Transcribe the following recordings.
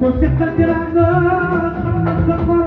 Você tá tirando a nossa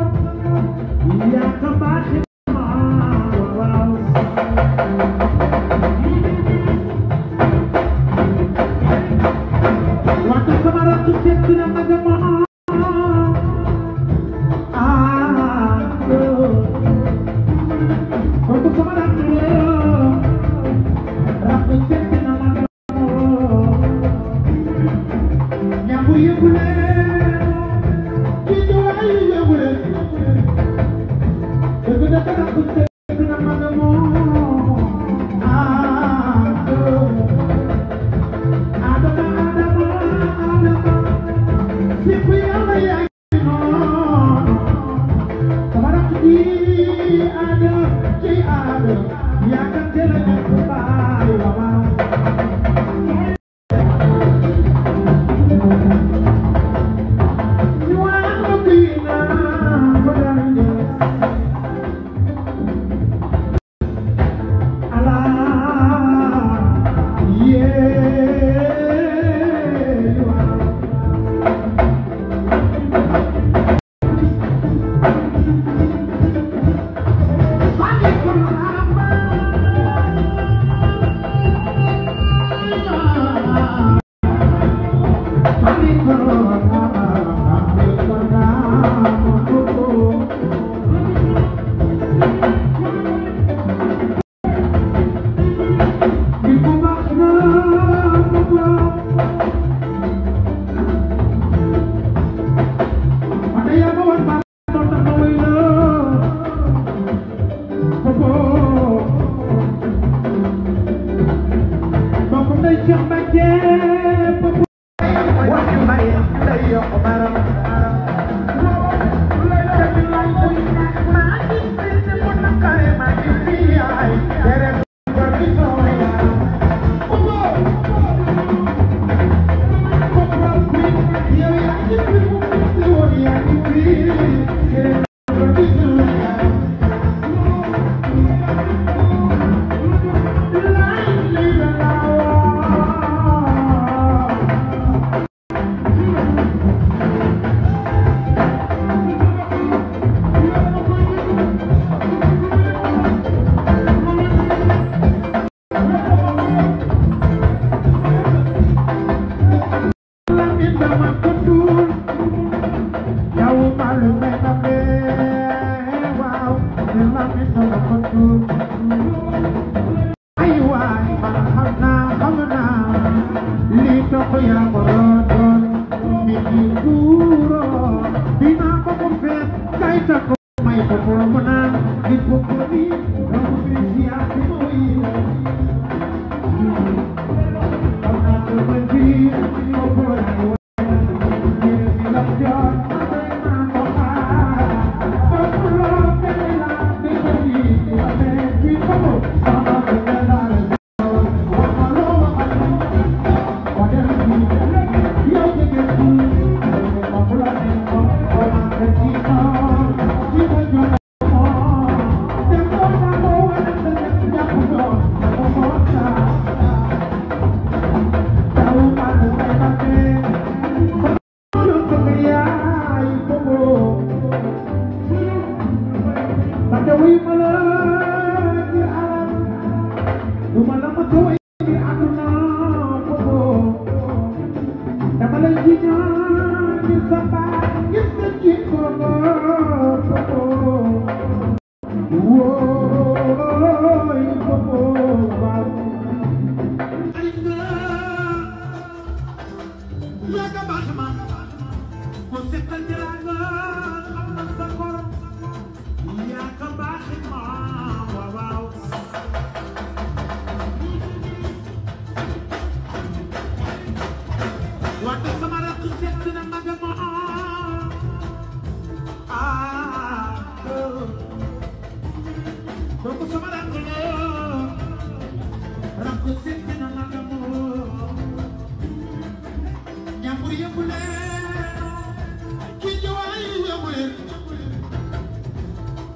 Hallelujah, Papa, yes, yes, yes, Papa, Papa.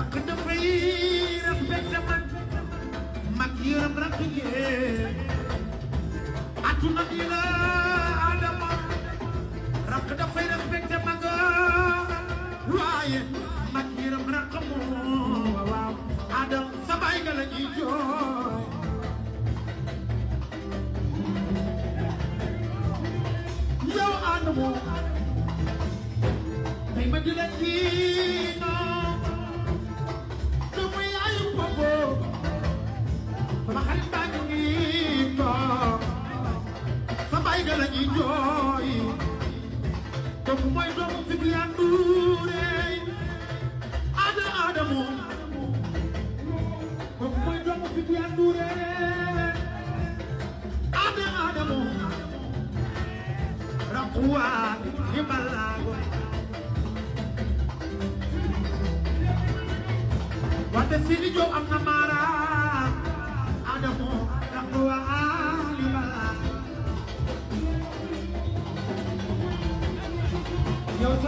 rakk dafay respecté mag mag yërëm rakk yéen atuna ni la adama rakk dafay respecté mag waaye mag yërëm rakk moom waaw adam sa baay nga la ñuy jooy yow adamo tey ma di la ji dañuy jooy kooku mooy doomu Viviane Ndouré Ada Adamo kooku mooy doomu Viviane Ndouré Ada Adamo rakuwaan yi balaago wante Sidi Diop am na maara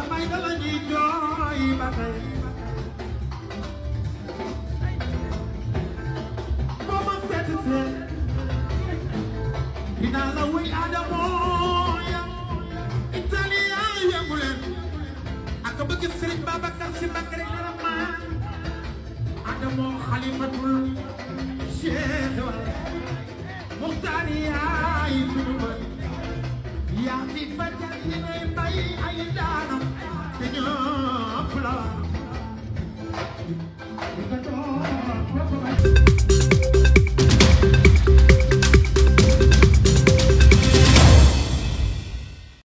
sa bay da la ñuy jooy ba tey boo ma seet seet dinaa la wuy Adamo ya italien yemu leen ak bëgg Serigne Babacar Sy Bakary Rahman Adamo xalifatul Cheikh wala muxtaar yaay sunu bët yaa fi